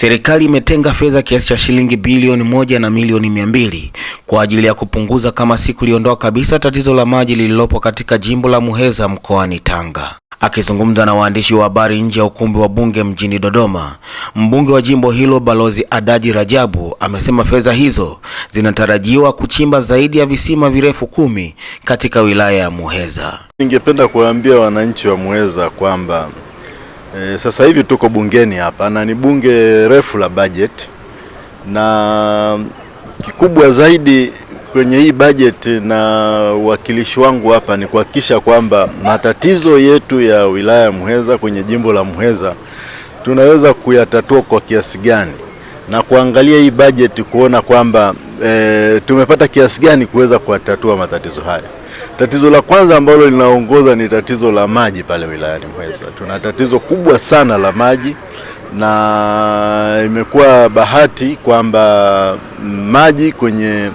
Serikali imetenga fedha kiasi cha shilingi bilioni moja na milioni mia mbili kwa ajili ya kupunguza kama si kuliondoa kabisa tatizo la maji lililopo katika jimbo la Muheza mkoani Tanga. Akizungumza na waandishi wa habari nje ya ukumbi wa bunge mjini Dodoma, mbunge wa jimbo hilo Balozi Adaji Rajabu amesema fedha hizo zinatarajiwa kuchimba zaidi ya visima virefu kumi katika wilaya ya Muheza. Ningependa kuwaambia wananchi wa Muheza kwamba E, sasa hivi tuko bungeni hapa na ni bunge refu la budget, na kikubwa zaidi kwenye hii budget na uwakilishi wangu hapa ni kuhakikisha kwamba matatizo yetu ya wilaya ya Muheza kwenye jimbo la Muheza tunaweza kuyatatua kwa kiasi gani, na kuangalia hii budget kuona kwamba e, tumepata kiasi gani kuweza kuyatatua matatizo haya. Tatizo la kwanza ambalo linaongoza ni tatizo la maji pale wilayani mweza Tuna tatizo kubwa sana la maji na imekuwa bahati kwamba maji kwenye,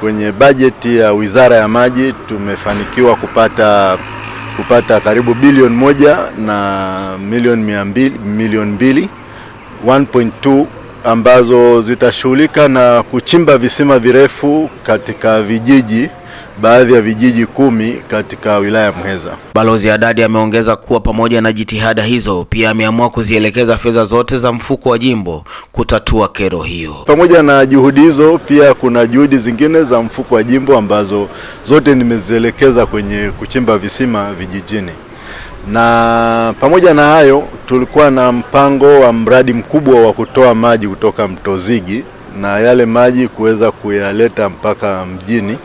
kwenye bajeti ya Wizara ya Maji tumefanikiwa kupata kupata karibu bilioni moja na milioni mia mbili, milioni mbili 1.2 ambazo zitashughulika na kuchimba visima virefu katika vijiji baadhi ya vijiji kumi katika wilaya ya Muheza. Balozi dadi ameongeza kuwa pamoja na jitihada hizo pia ameamua kuzielekeza fedha zote za mfuko wa jimbo kutatua kero hiyo. Pamoja na juhudi hizo, pia kuna juhudi zingine za mfuko wa jimbo ambazo zote nimezielekeza kwenye kuchimba visima vijijini na pamoja na hayo tulikuwa na mpango wa mradi mkubwa wa kutoa maji kutoka mto Zigi na yale maji kuweza kuyaleta mpaka mjini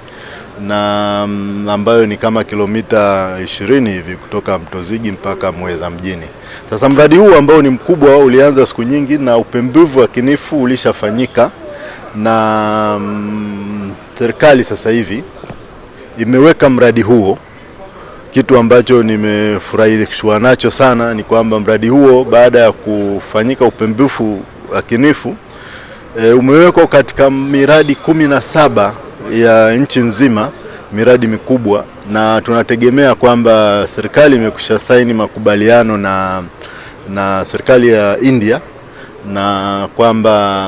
na mm, ambayo ni kama kilomita ishirini hivi kutoka mto Zigi mpaka mweza mjini. Sasa mradi huu ambao ni mkubwa ulianza siku nyingi na upembuzi wa kinifu ulishafanyika na mm, serikali sasa hivi imeweka mradi huo kitu ambacho nimefurahishwa nacho sana ni kwamba mradi huo baada ya kufanyika upembufu akinifu e, umewekwa katika miradi kumi na saba ya nchi nzima, miradi mikubwa, na tunategemea kwamba serikali imekusha saini makubaliano na, na serikali ya India na kwamba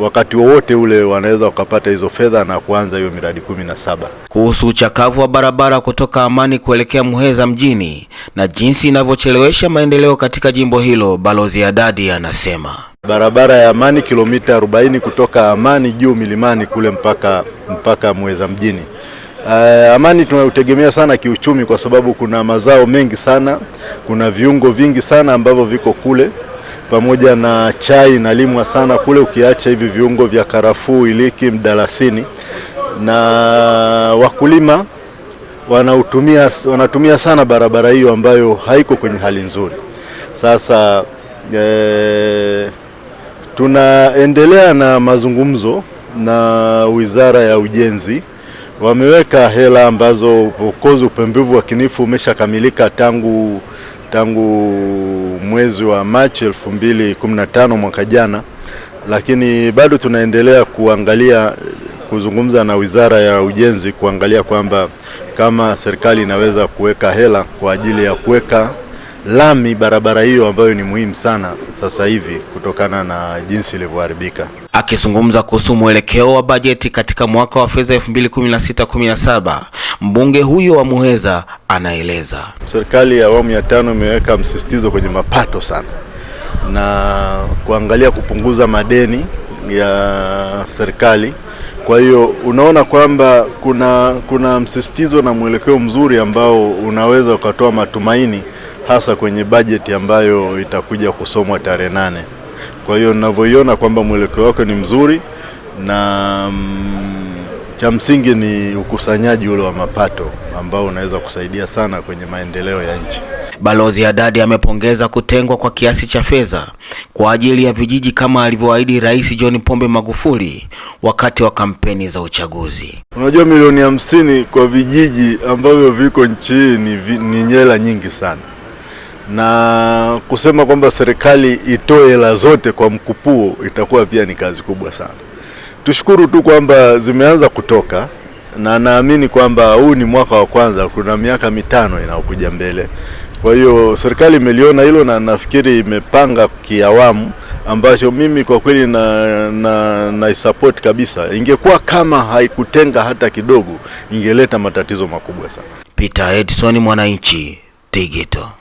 wakati wowote ule wanaweza wakapata hizo fedha na kuanza hiyo miradi kumi na saba. Kuhusu uchakavu wa barabara kutoka Amani kuelekea Muheza mjini na jinsi inavyochelewesha maendeleo katika jimbo hilo, Balozi Adadi anasema barabara ya Amani kilomita 40 kutoka Amani juu milimani kule mpaka, mpaka Muheza mjini. Uh, Amani tunautegemea sana kiuchumi kwa sababu kuna mazao mengi sana, kuna viungo vingi sana ambavyo viko kule pamoja na chai inalimwa sana kule, ukiacha hivi viungo vya karafuu, iliki, mdalasini na wakulima wanautumia, wanatumia sana barabara hiyo ambayo haiko kwenye hali nzuri. Sasa e, tunaendelea na mazungumzo na Wizara ya Ujenzi wameweka hela ambazo ukozi upembevu wa kinifu umeshakamilika tangu tangu mwezi wa Machi 2015 mwaka jana, lakini bado tunaendelea kuangalia kuzungumza na Wizara ya Ujenzi kuangalia kwamba kama serikali inaweza kuweka hela kwa ajili ya kuweka lami barabara hiyo ambayo ni muhimu sana sasa hivi kutokana na jinsi ilivyoharibika. Akizungumza kuhusu mwelekeo wa bajeti katika mwaka wa fedha 2016 2017 mbunge huyo wa Muheza anaeleza serikali ya awamu ya tano imeweka msisitizo kwenye mapato sana na kuangalia kupunguza madeni ya serikali. Kwa hiyo unaona kwamba kuna, kuna msisitizo na mwelekeo mzuri ambao unaweza ukatoa matumaini hasa kwenye bajeti ambayo itakuja kusomwa tarehe nane. Kwa hiyo ninavyoiona kwamba mwelekeo wake ni mzuri na mm, cha msingi ni ukusanyaji ule wa mapato ambao unaweza kusaidia sana kwenye maendeleo ya nchi. Balozi Haddad amepongeza kutengwa kwa kiasi cha fedha kwa ajili ya vijiji kama alivyoahidi Rais John Pombe Magufuli wakati wa kampeni za uchaguzi. Unajua, milioni hamsini kwa vijiji ambavyo viko nchi hii ni, ni nyela nyingi sana na kusema kwamba serikali itoe hela zote kwa mkupuo itakuwa pia ni kazi kubwa sana. Tushukuru tu kwamba zimeanza kutoka na naamini kwamba huu ni mwaka wa kwanza, kuna miaka mitano inayokuja mbele. Kwa hiyo serikali imeliona hilo na nafikiri imepanga kiawamu, ambacho mimi kwa kweli na, na, na support kabisa. Ingekuwa kama haikutenga hata kidogo, ingeleta matatizo makubwa sana. Peter Edison, Mwananchi Digital.